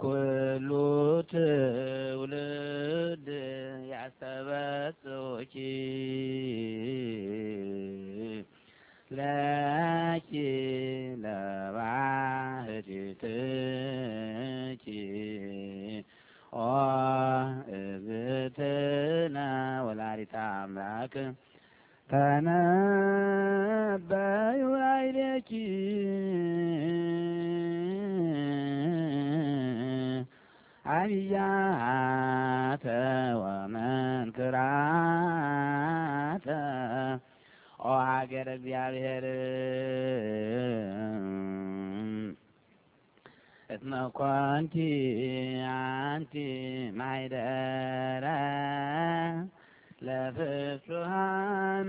ኩሉ ትውልድ ያሰበጽኪ ለኪ ለባህቲትኪ ኦ እግዝእትነ ወላዲተ አምላክ ተነበዩ አብያተ ወመንክራተ ኦ ሀገር እግዚአብሔር እትመኮንቲ አንቲ ማይደረ ለፍጹሃን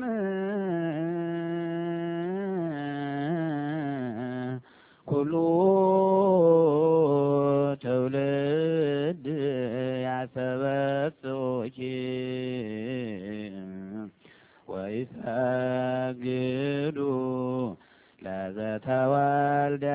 ይሰግዱ ለዘተወልደ